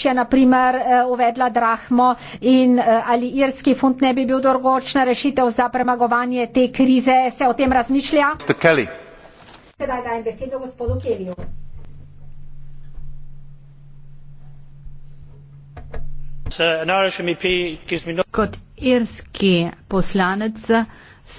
če naprimer eh, uvedla drahmo in eh, ali irski funt ne bi bil drugačna rešitev za premagovanje te krize, se o tem razmišlja. No- Kot irski poslanec